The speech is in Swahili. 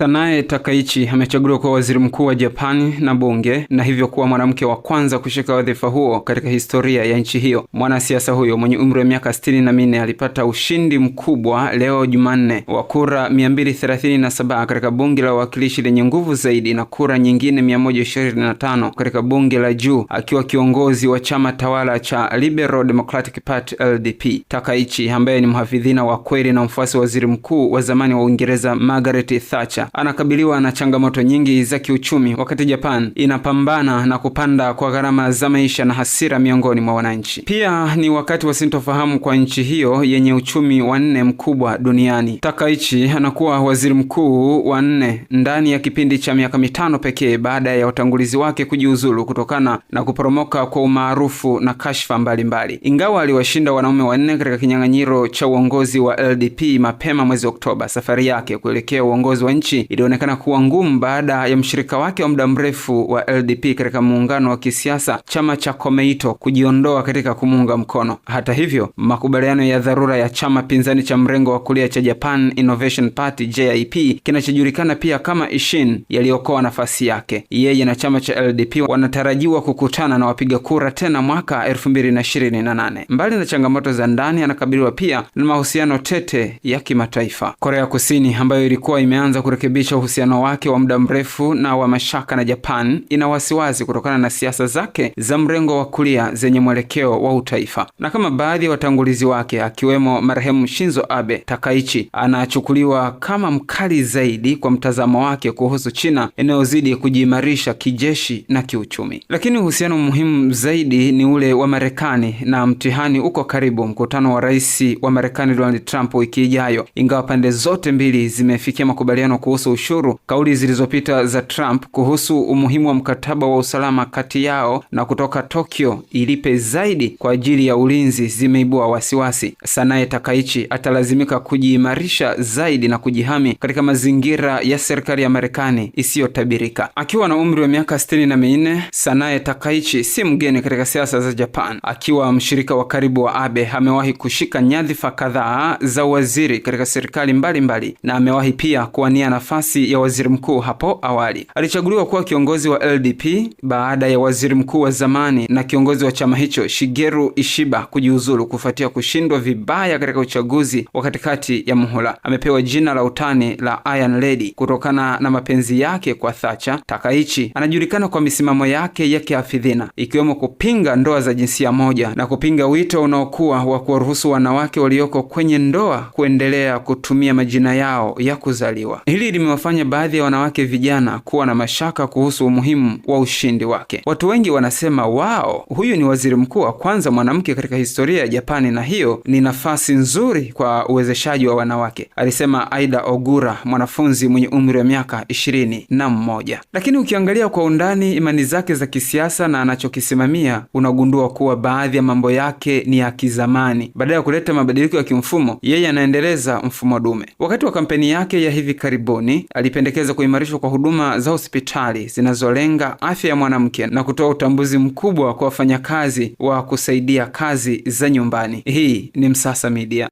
Sanae Takaichi amechaguliwa kuwa waziri mkuu wa Japani na bunge na hivyo kuwa mwanamke wa kwanza kushika wadhifa huo katika historia ya nchi hiyo. Mwanasiasa huyo mwenye umri wa miaka sitini na minne alipata ushindi mkubwa leo Jumanne wa kura 237 katika bunge la wawakilishi lenye nguvu zaidi na kura nyingine 125 katika bunge la juu, akiwa kiongozi wa chama tawala cha Liberal Democratic Party LDP. Takaichi ambaye ni mhafidhina wa kweli na mfuasi wa waziri mkuu wa zamani wa Uingereza Margaret Thatcher anakabiliwa na changamoto nyingi za kiuchumi wakati Japan inapambana na kupanda kwa gharama za maisha na hasira miongoni mwa wananchi. Pia ni wakati wa sintofahamu kwa nchi hiyo yenye uchumi wa nne mkubwa duniani. Takaichi anakuwa waziri mkuu wa nne ndani ya kipindi cha miaka mitano pekee baada ya watangulizi wake kujiuzulu kutokana na kuporomoka kwa umaarufu na kashfa mbalimbali. Ingawa aliwashinda wanaume wanne katika kinyang'anyiro cha uongozi wa LDP mapema mwezi Oktoba, safari yake kuelekea uongozi wa nchi ilionekana kuwa ngumu baada ya mshirika wake wa muda mrefu wa LDP katika muungano wa kisiasa chama cha Komeito kujiondoa katika kumuunga mkono. Hata hivyo, makubaliano ya dharura ya chama pinzani cha mrengo wa kulia cha Japan Innovation Party JIP kinachojulikana pia kama Ishin yaliokoa nafasi yake. Yeye na chama cha LDP wanatarajiwa kukutana na wapiga kura tena mwaka 2028. Mbali na changamoto za ndani, anakabiliwa pia na mahusiano tete ya kimataifa. Korea Kusini ambayo ilikuwa imeanza kurekebisha uhusiano wake wa muda mrefu na wa mashaka na Japan ina wasiwasi kutokana na siasa zake za mrengo wa kulia zenye mwelekeo wa utaifa. Na kama baadhi ya watangulizi wake akiwemo marehemu Shinzo Abe, Takaichi anachukuliwa kama mkali zaidi kwa mtazamo wake kuhusu China inayozidi kujiimarisha kijeshi na kiuchumi. Lakini uhusiano muhimu zaidi ni ule wa Marekani na mtihani uko karibu, mkutano wa rais wa Marekani Donald Trump wiki ijayo, ingawa pande zote mbili zimefikia makubaliano ku kuhusu ushuru, kauli zilizopita za Trump kuhusu umuhimu wa mkataba wa usalama kati yao na kutoka Tokyo ilipe zaidi kwa ajili ya ulinzi zimeibua wasiwasi. Sanae Takaichi atalazimika kujiimarisha zaidi na kujihami katika mazingira ya serikali ya Marekani isiyotabirika. Akiwa na umri wa miaka sitini na minne, Sanae Takaichi si mgeni katika siasa za Japan. Akiwa mshirika wa karibu wa Abe, amewahi kushika nyadhifa kadhaa za waziri katika serikali mbalimbali mbali, na amewahi pia kuwania nafasi ya waziri mkuu hapo awali. Alichaguliwa kuwa kiongozi wa LDP baada ya waziri mkuu wa zamani na kiongozi wa chama hicho Shigeru Ishiba kujiuzulu kufuatia kushindwa vibaya katika uchaguzi wa katikati ya muhula. Amepewa jina la utani la Iron Lady kutokana na mapenzi yake kwa thacha Takaichi anajulikana kwa misimamo yake ya kiafidhina ikiwemo kupinga ndoa za jinsia moja na kupinga wito unaokuwa wa kuwaruhusu wanawake walioko kwenye ndoa kuendelea kutumia majina yao ya kuzaliwa. Hili limewafanya baadhi ya wanawake vijana kuwa na mashaka kuhusu umuhimu wa ushindi wake. Watu wengi wanasema wao, huyu ni waziri mkuu wa kwanza mwanamke katika historia ya Japani, na hiyo ni nafasi nzuri kwa uwezeshaji wa wanawake, alisema Aida Ogura, mwanafunzi mwenye umri wa miaka ishirini na mmoja. Lakini ukiangalia kwa undani imani zake za kisiasa na anachokisimamia, unagundua kuwa baadhi ya mambo yake ni ya kizamani. Badala ya kuleta mabadiliko ya kimfumo, yeye anaendeleza mfumo dume. Wakati wa kampeni yake ya hivi karibuni Magufuli alipendekeza kuimarishwa kwa huduma za hospitali zinazolenga afya ya mwanamke na kutoa utambuzi mkubwa kwa wafanyakazi wa kusaidia kazi za nyumbani. Hii ni Msasa Media.